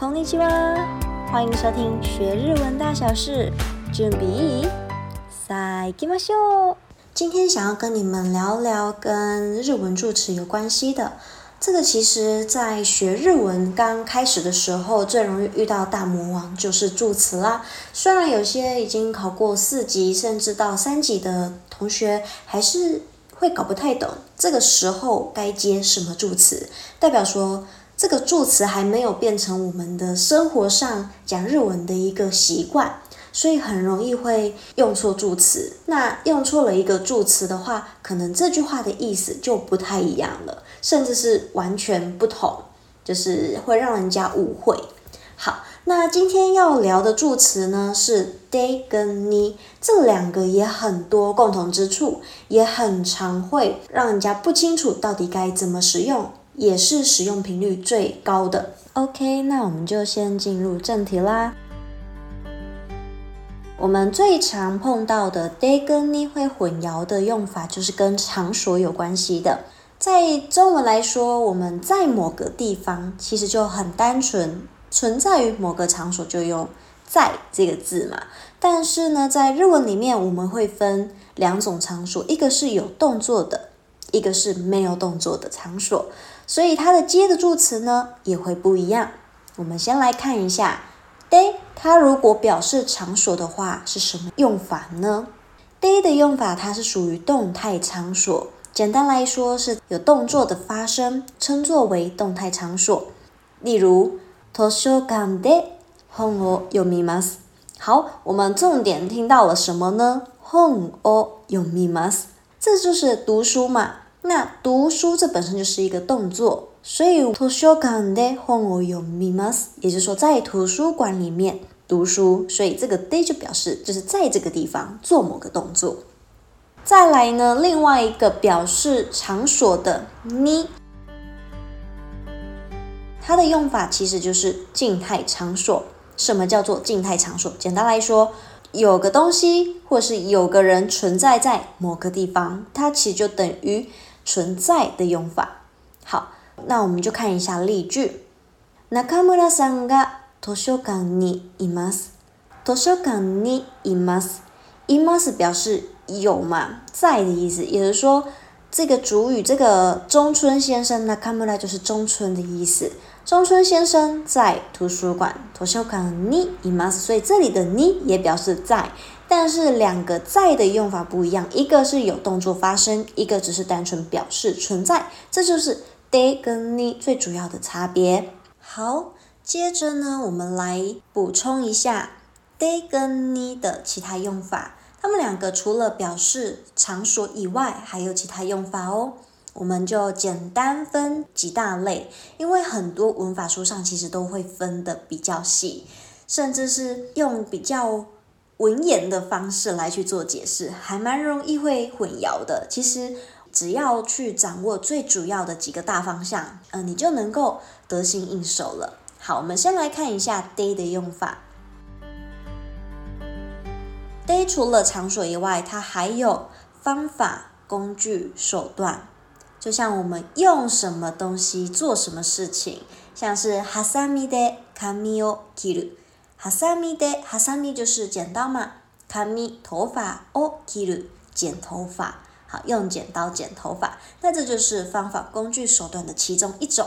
こんにちは，歡迎收聽學日文大小事。準備，さっきましょう。今天想要跟你們聊聊跟日文助詞有關係的。這個其實，在學日文剛開始的時候，最容易遇到的大魔王就是助詞啦。雖然有些已經考過四級甚至到三級的同學，還是會搞不太懂，這個時候該接什麼助詞，代表說。這個助詞還沒有變成我們的生活上講日文的一個習慣，所以很容易會用錯助詞。那用錯了一個助詞的話，可能這句話的意思就不太一樣了，甚至是完全不同，就是會讓人家誤會。好，那今天要聊的助詞呢是で跟に，這兩個也很多共同之處，也很常會讓人家不清楚到底該怎麼使用，也是使用頻率最高的。OK，那我們就先進入正題啦。 我們最常碰到的「で」跟「に」會混淆的用法，就是跟場所有關係的。在中文來說，我們在某個地方其實就很單純，存在於某個場所就用“在”這個字嘛。但是呢，在日文裡面，我們會分兩種場所：一個是有動作的，一個是沒有動作的場所。所以它的接的助詞呢，也會不一樣。我們先來看一下，で，它如果表示場所的話是什麼用法呢？で的用法，它是屬於動態場所，簡單來說是有動作的發生，稱作為動態場所。例如，図書館で，本を読みます。好，我們重點聽到了什麼呢？本を読みます。這就是讀書嘛。那讀書這本身就是一個動作，所以図書館で本を読みます，也就是說在圖書館裡面讀書，所以這個で就表示就是在這個地方做某個動作。再來呢，另外一個表示場所的に，它的用法其實就是靜態場所。什麼叫做靜態場所？簡單來說，有個東西或是有個人存在在某個地方，它其實就等於。存在的用法，好，那我們就看一下例句。中村さんが図書館にいます。図書館にいます。います表示有嘛，在的意思，也就是說，這個主語這個中村先生，nakamura 就是中村的意思，中村先生在圖書館。図書館にいます，所以這裡的に也表示在。但是兩個在的用法不一樣，一個是有動作發生，一個只是單純表示存在，這就是で跟に最主要的差別。好，接着呢，我們來補充一下で跟に的其他用法。他們兩個除了表示場所以外，還有其他用法哦。我們就簡單分幾大類，因為很多文法書上其實都會分得比較細，甚至是用比較。文言的方式來去做解釋，還蠻容易會混淆的。其實只要去掌握最主要的幾個大方向，嗯、呃，你就能夠得心應手了。好，我們先來看一下で的用法。で除了場所以外，它還有方法、工具、手段。就像我們用什麼東西做什麼事情，像是ハサミで髪を切る。哈薩米で、哈薩米就是剪刀嘛。卡米頭髮を切る，剪頭髮。好，用剪刀剪頭髮。那這就是方法、工具、手段的其中一種。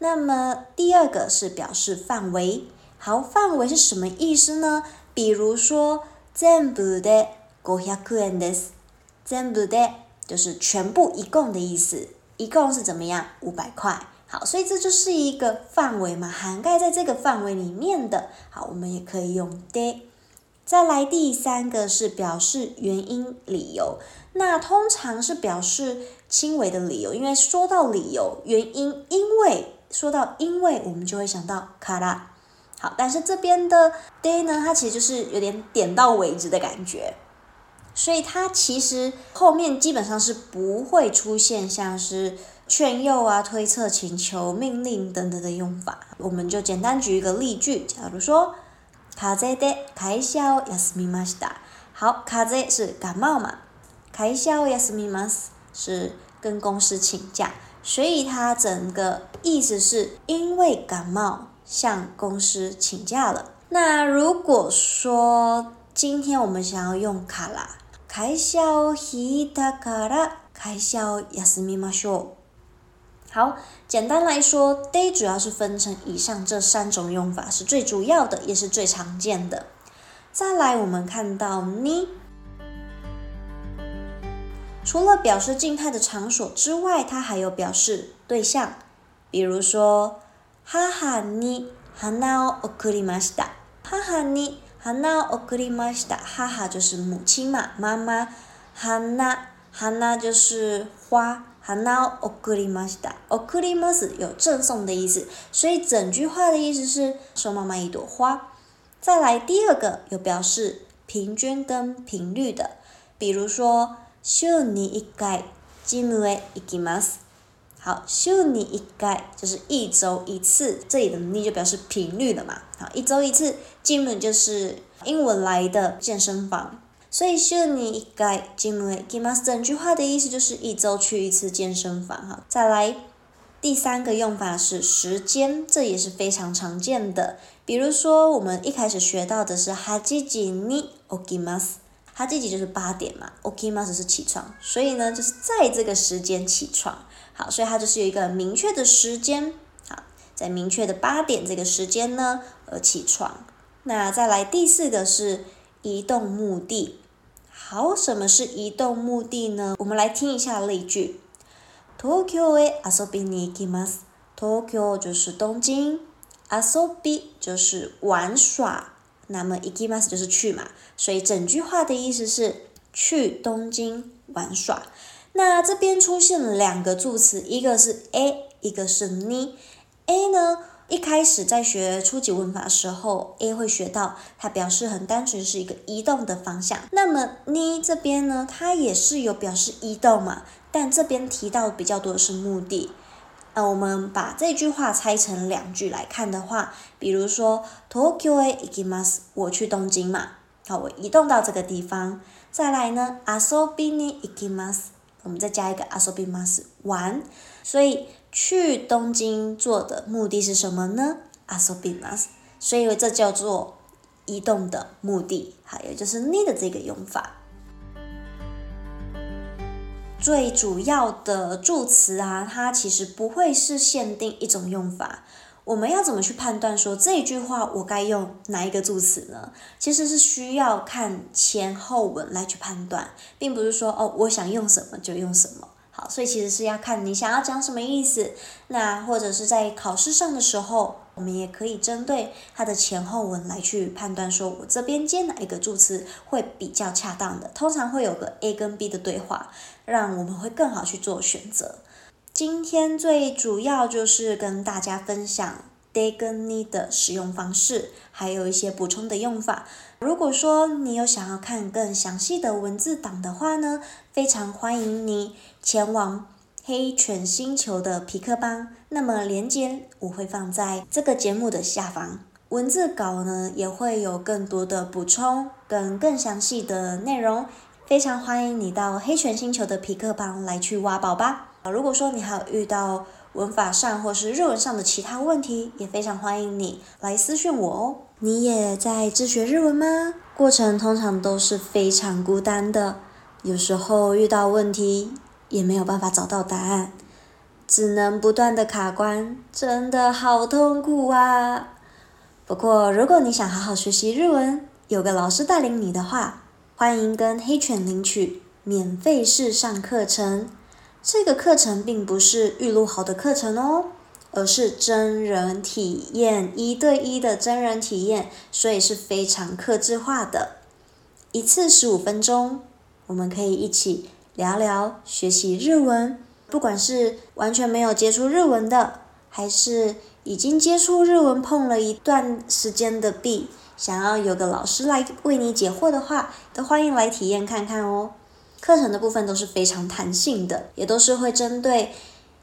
那麼第二個是表示範圍。好，範圍是什麼意思呢？比如說全部で、五百円です。全部で就是全部，一共的意思。一共是怎麼樣？五百塊。好，所以這就是一個範圍嘛，涵蓋在這個範圍裡面的。好，我們也可以用で。再來第三個是表示原因、理由，那通常是表示輕微的理由，因為說到理由、原因、因為，說到因為，我們就會想到から。好，但是這邊的で呢，它其實就是有點點到為止的感覺，所以它其實後面基本上是不會出現像是。勸誘啊、推測、請求、命令等等的用法，我們就簡單舉一個例句。假如說，風邪で會社を休みました。好，風邪是感冒嘛，會社を休みます是跟公司請假，所以它整個意思是因為感冒向公司請假了。那如果說今天我們想要用から，會社を引いたから會社を休みましょう。好，簡單來說，day 主要是分成以上這三種用法是最主要的，也是最常見的。再來，我們看到 ni，除了表示靜態的場所之外，它還有表示對象，比如說，哈哈 ni hanao okurimashita 哈哈 ni hanao okurimashita 哈哈就是母親嘛，媽媽，hana hana 就是花。他拿奧庫里馬斯達，奧庫里馬斯有贈送的意思，所以整句話的意思是送媽媽一朵花。再來第二個，有表示平均跟頻率的，比如說“秀你一蓋”，“吉姆一給馬斯”。好，“秀你一蓋”就是一周一次，這裡的“你”就表示頻率了嘛。好，一周一次，“吉姆”就是英文來的健身房。所以週に一回ジムへ行きます。整句話的意思就是一周去一次健身房哈。再來第三個用法是時間，這也是非常常見的。比如說我們一開始學到的是はちじに起きます。はちじ就是八點嘛，起きます是起床，所以呢就是在這個時間起床。好，所以它就是有一個明確的時間，好，在明確的八點這個時間呢呃起床。那再來第四個是，移動目的，好，什麼是移動目的呢？我們來聽一下例句。東京へ遊びに行きます。東京就是東京，遊び就是玩耍，那麼行きます就是去嘛，所以整句話的意思是去東京玩耍。那這邊出現了兩個助詞，一個是 a，一個是 ni。a 呢？一開始在學初級文法的時候，a 會學到它表示很單純是一個移動的方向。那麼 ni 這邊呢，它也是有表示移動嘛，但這邊提到比較多的是目的。呃，我們把這句話拆成兩句來看的話，比如說 Tokyo e ikimas，我去東京嘛，好，我移動到這個地方。再來呢，Asobi ni ikimas，我們再加一個 Asobi mas 玩，所以。去東京做的目的是什麼呢？啊，遊びます所以這叫做移動的目的。還有就是に的這個用法。最主要的助詞啊，它其實不會是限定一種用法。我們要怎麼去判斷說，這句話我該用哪一個助詞呢？其實是需要看前後文來去判斷，並不是說哦，我想用什麼就用什麼。好，所以其實是要看你想要講什麼意思，那或者是在考試上的時候，我們也可以針對它的前後文來去判斷，說我這邊接哪一個助詞會比較恰當的。通常會有個 A 跟 B 的對話，讓我們會更好去做選擇。今天最主要就是跟大家分享，跟你的使用方式，還有一些補充的用法。如果說你有想要看更詳細的文字檔的話呢，非常歡迎你前往黑犬星球的皮克邦。那麼連接我會放在這個節目的下方，文字稿呢也會有更多的補充跟更，更詳細的內容。非常歡迎你到黑犬星球的皮克邦來去挖寶吧。如果說你還有遇到，文法上或是日文上的其他問題，也非常歡迎你來私訊我哦。你也在自學日文嗎？過程通常都是非常孤單的，有時候遇到問題也沒有辦法找到答案，只能不斷的卡關，真的好痛苦啊。不過如果你想好好學習日文，有個老師帶領你的話，歡迎跟黑犬領取免費試上課程。這個課程並不是預錄好的課程哦，而是真人體驗一對一的真人體驗，所以是非常客製化的。一次十五分鐘，我們可以一起聊聊學習日文。不管是完全沒有接觸日文的，還是已經接觸日文碰了一段時間的壁，想要有個老師來為你解惑的話，都歡迎來體驗看看哦。課程的部分都是非常彈性的，也都是會針對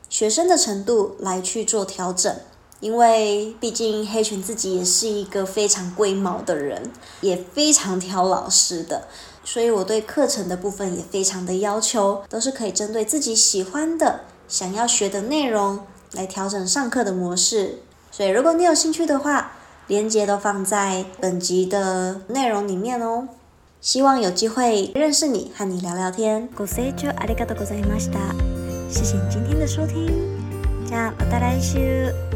學生的程度來去做調整。因為畢竟黑犬自己也是一個非常龜毛的人，也非常挑老師的，所以我對課程的部分也非常的要求，都是可以針對自己喜歡的、想要學的內容來調整上課的模式。所以如果你有興趣的話，連接都放在本集的內容裡面哦。希望有機會認識你，和你聊聊天。ご清聴ありがとうございました。謝謝你今天的收聽。じゃあまた來週。